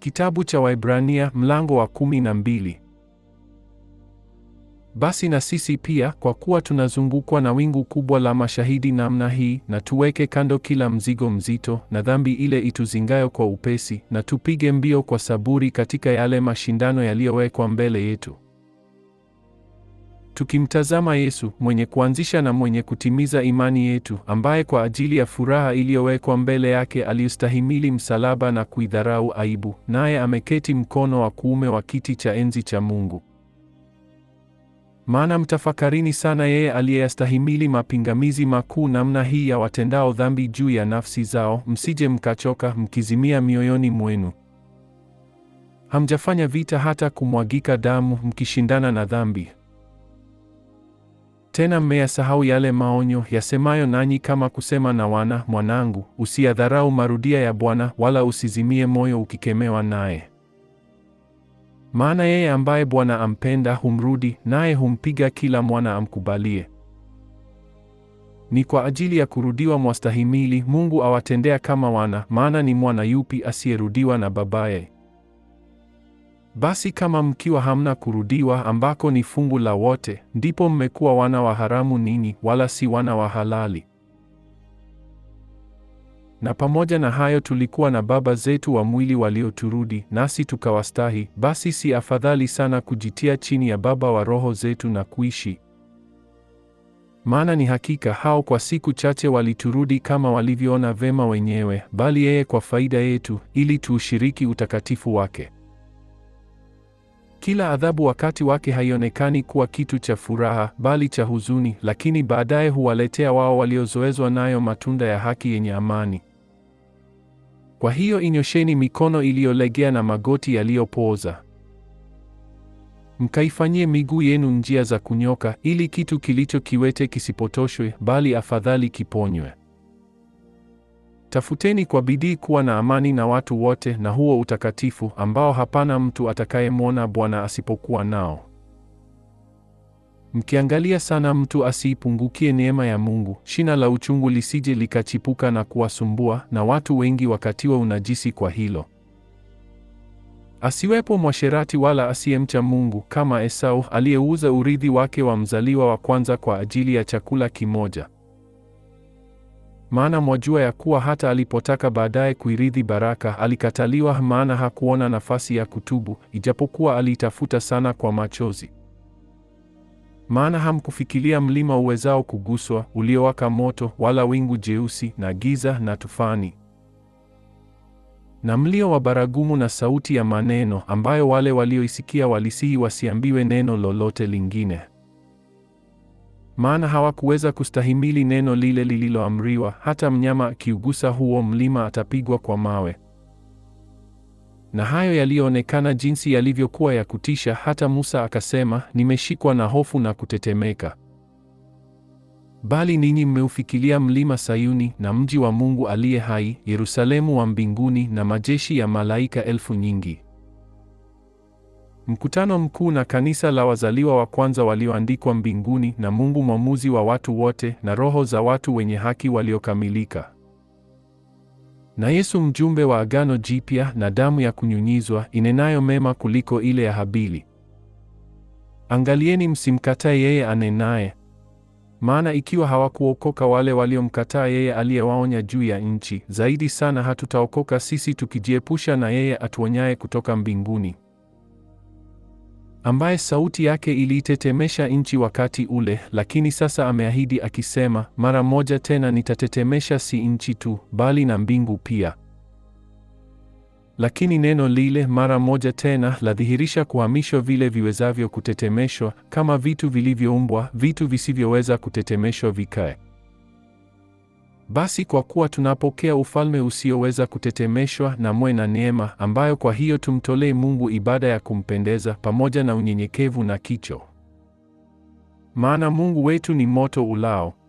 Kitabu cha Waibrania mlango wa kumi na mbili. Basi na sisi pia, kwa kuwa tunazungukwa na wingu kubwa la mashahidi namna hii, na tuweke kando kila mzigo mzito na dhambi ile ituzingayo kwa upesi, na tupige mbio kwa saburi katika yale mashindano yaliyowekwa mbele yetu tukimtazama Yesu mwenye kuanzisha na mwenye kutimiza imani yetu, ambaye kwa ajili ya furaha iliyowekwa mbele yake aliustahimili msalaba na kuidharau aibu, naye ameketi mkono wa kuume wa kiti cha enzi cha Mungu. Maana mtafakarini sana yeye aliyeyastahimili mapingamizi makuu namna hii ya watendao dhambi juu ya nafsi zao, msije mkachoka mkizimia mioyoni mwenu. Hamjafanya vita hata kumwagika damu mkishindana na dhambi. Tena mmeyasahau yale maonyo yasemayo nanyi kama kusema na wana, mwanangu, usiyadharau marudia ya Bwana, wala usizimie moyo ukikemewa naye. Maana yeye ambaye Bwana ampenda humrudi, naye humpiga kila mwana amkubalie. Ni kwa ajili ya kurudiwa mwastahimili, Mungu awatendea kama wana, maana ni mwana yupi asiyerudiwa na babaye? Basi kama mkiwa hamna kurudiwa ambako ni fungu la wote, ndipo mmekuwa wana wa haramu ninyi, wala si wana wa halali. Na pamoja na hayo tulikuwa na baba zetu wa mwili walioturudi, nasi tukawastahi. Basi si afadhali sana kujitia chini ya baba wa roho zetu na kuishi? Maana ni hakika hao kwa siku chache waliturudi kama walivyoona vema wenyewe, bali yeye kwa faida yetu, ili tuushiriki utakatifu wake. Kila adhabu wakati wake haionekani kuwa kitu cha furaha, bali cha huzuni, lakini baadaye huwaletea wao waliozoezwa nayo matunda ya haki yenye amani. Kwa hiyo inyosheni mikono iliyolegea na magoti yaliyopooza, mkaifanyie miguu yenu njia za kunyoka, ili kitu kilicho kiwete kisipotoshwe, bali afadhali kiponywe. Tafuteni kwa bidii kuwa na amani na watu wote, na huo utakatifu ambao hapana mtu atakayemwona Bwana asipokuwa nao. Mkiangalia sana mtu asiipungukie neema ya Mungu, shina la uchungu lisije likachipuka na kuwasumbua, na watu wengi wakatiwa unajisi kwa hilo. Asiwepo mwasherati wala asiyemcha Mungu kama Esau aliyeuza urithi wake wa mzaliwa wa kwanza kwa ajili ya chakula kimoja maana mwajua ya kuwa hata alipotaka baadaye kuirithi baraka alikataliwa, maana hakuona nafasi ya kutubu, ijapokuwa aliitafuta sana kwa machozi. Maana hamkufikilia mlima uwezao kuguswa, uliowaka moto, wala wingu jeusi na giza na tufani na mlio wa baragumu na sauti ya maneno, ambayo wale walioisikia walisihi wasiambiwe neno lolote lingine maana hawakuweza kustahimili neno lile lililoamriwa, hata mnyama akiugusa huo mlima atapigwa kwa mawe. Na hayo yaliyoonekana jinsi yalivyokuwa ya kutisha, hata Musa akasema, nimeshikwa na hofu na kutetemeka. Bali ninyi mmeufikilia mlima Sayuni na mji wa Mungu aliye hai, Yerusalemu wa mbinguni, na majeshi ya malaika elfu nyingi. Mkutano mkuu na kanisa la wazaliwa wa kwanza walioandikwa mbinguni na Mungu mwamuzi wa watu wote na roho za watu wenye haki waliokamilika. Na Yesu mjumbe wa agano jipya na damu ya kunyunyizwa inenayo mema kuliko ile ya Habili. Angalieni msimkatae yeye anenaye. Maana ikiwa hawakuokoka wale waliomkataa yeye aliyewaonya juu ya nchi, zaidi sana hatutaokoka sisi tukijiepusha na yeye atuonyaye kutoka mbinguni ambaye sauti yake iliitetemesha nchi wakati ule, lakini sasa ameahidi akisema, mara moja tena nitatetemesha si nchi tu, bali na mbingu pia. Lakini neno lile mara moja tena ladhihirisha kuhamishwa vile viwezavyo kutetemeshwa, kama vitu vilivyoumbwa, vitu visivyoweza kutetemeshwa vikae. Basi kwa kuwa tunapokea ufalme usioweza kutetemeshwa, na mwe na neema ambayo kwa hiyo tumtolee Mungu ibada ya kumpendeza pamoja na unyenyekevu na kicho, maana Mungu wetu ni moto ulao